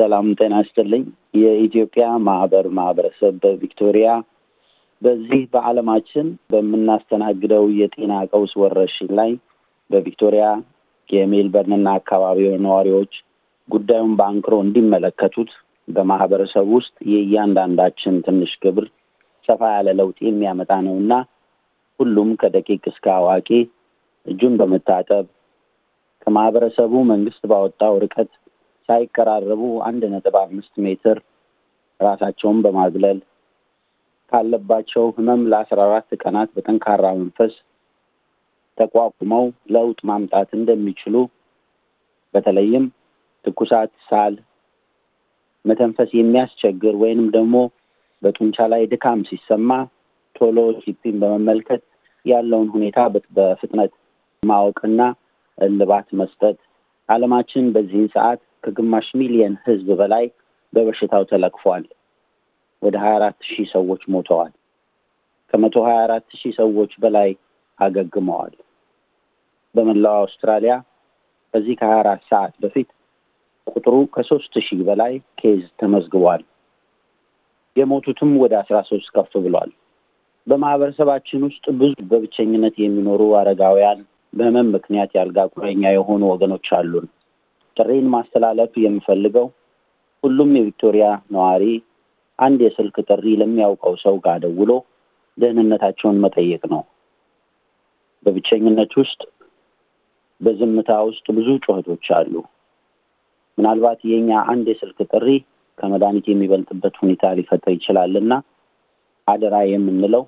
ሰላም ጤና ይስጥልኝ። የኢትዮጵያ ማህበር ማህበረሰብ በቪክቶሪያ በዚህ በዓለማችን በምናስተናግደው የጤና ቀውስ ወረርሽኝ ላይ በቪክቶሪያ የሜልበርንና አካባቢው ነዋሪዎች ጉዳዩን በአንክሮ እንዲመለከቱት በማህበረሰብ ውስጥ የእያንዳንዳችን ትንሽ ግብር ሰፋ ያለ ለውጥ የሚያመጣ ነው እና ሁሉም ከደቂቅ እስከ አዋቂ እጁን በመታጠብ ከማህበረሰቡ መንግስት ባወጣው ርቀት ሳይቀራረቡ አንድ ነጥብ አምስት ሜትር ራሳቸውን በማግለል ካለባቸው ህመም ለአስራ አራት ቀናት በጠንካራ መንፈስ ተቋቁመው ለውጥ ማምጣት እንደሚችሉ በተለይም ትኩሳት፣ ሳል፣ መተንፈስ የሚያስቸግር ወይንም ደግሞ በጡንቻ ላይ ድካም ሲሰማ ቶሎ ሲፒን በመመልከት ያለውን ሁኔታ በፍጥነት ማወቅና እልባት መስጠት አለማችን በዚህን ሰዓት ከግማሽ ሚሊየን ህዝብ በላይ በበሽታው ተለክፏል። ወደ ሀያ አራት ሺህ ሰዎች ሞተዋል። ከመቶ ሀያ አራት ሺህ ሰዎች በላይ አገግመዋል። በመላው አውስትራሊያ በዚህ ከሀያ አራት ሰዓት በፊት ቁጥሩ ከሶስት ሺህ በላይ ኬዝ ተመዝግቧል። የሞቱትም ወደ አስራ ሶስት ከፍ ብሏል። በማህበረሰባችን ውስጥ ብዙ በብቸኝነት የሚኖሩ አረጋውያን በህመም ምክንያት ያልጋ ቁረኛ የሆኑ ወገኖች አሉን። ጥሪን ማስተላለፍ የምፈልገው ሁሉም የቪክቶሪያ ነዋሪ አንድ የስልክ ጥሪ ለሚያውቀው ሰው ጋር ደውሎ ደህንነታቸውን መጠየቅ ነው። በብቸኝነት ውስጥ በዝምታ ውስጥ ብዙ ጩኸቶች አሉ። ምናልባት የኛ አንድ የስልክ ጥሪ ከመድኃኒት የሚበልጥበት ሁኔታ ሊፈጥር ይችላል አደራ የምንለው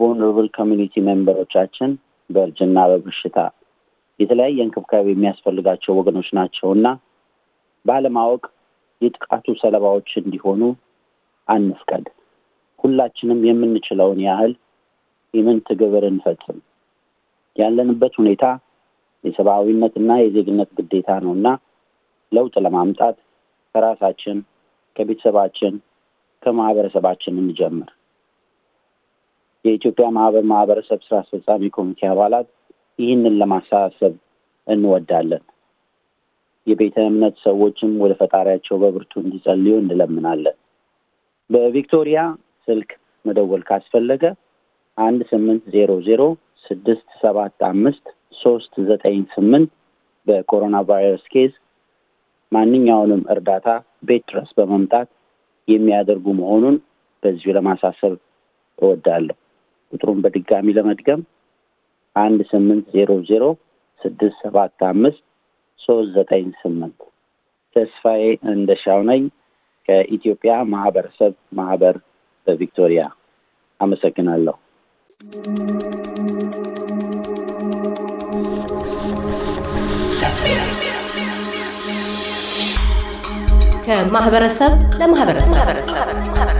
ቮልነራብል ኮሚኒቲ ሜምበሮቻችን በእርጅና በብሽታ ። የተለያየ እንክብካቤ የሚያስፈልጋቸው ወገኖች ናቸው እና ባለማወቅ የጥቃቱ ሰለባዎች እንዲሆኑ አንፍቀድ። ሁላችንም የምንችለውን ያህል የምንት ግብር እንፈጽም። ያለንበት ሁኔታ የሰብአዊነትና እና የዜግነት ግዴታ ነው እና ለውጥ ለማምጣት ከራሳችን፣ ከቤተሰባችን፣ ከማህበረሰባችን እንጀምር። የኢትዮጵያ ማህበር ማህበረሰብ ስራ አስፈጻሚ ኮሚቴ አባላት ይህንን ለማሳሰብ እንወዳለን። የቤተ እምነት ሰዎችም ወደ ፈጣሪያቸው በብርቱ እንዲጸልዩ እንለምናለን። በቪክቶሪያ ስልክ መደወል ካስፈለገ አንድ ስምንት ዜሮ ዜሮ ስድስት ሰባት አምስት ሶስት ዘጠኝ ስምንት በኮሮና ቫይረስ ኬዝ ማንኛውንም እርዳታ ቤት ድረስ በመምጣት የሚያደርጉ መሆኑን በዚሁ ለማሳሰብ እወዳለሁ። ቁጥሩን በድጋሚ ለመድገም አንድ ስምንት ዜሮ ዜሮ ስድስት ሰባት አምስት ሶስት ዘጠኝ ስምንት ተስፋዬ እንደሻው ነኝ ከኢትዮጵያ ማህበረሰብ ማህበር በቪክቶሪያ አመሰግናለሁ። ከማህበረሰብ ለማህበረሰብ